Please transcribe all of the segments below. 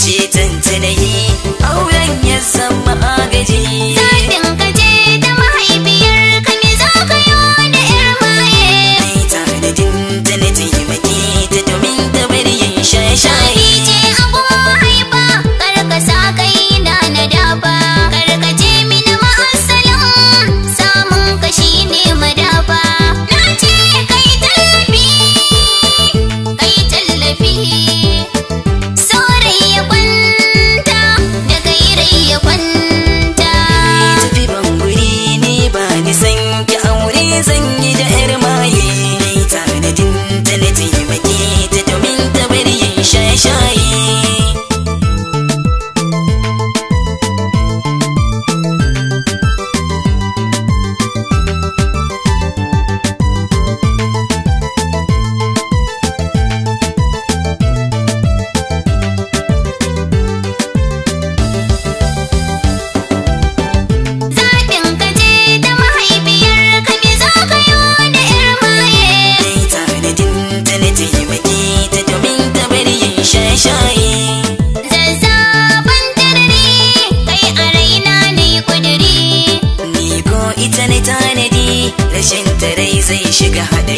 saúde shaye-shaye ka haɗa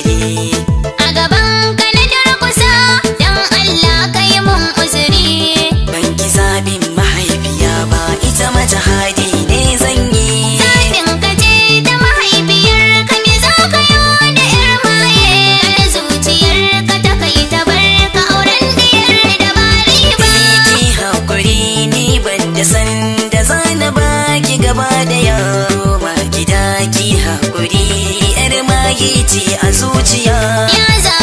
firgici a zuciya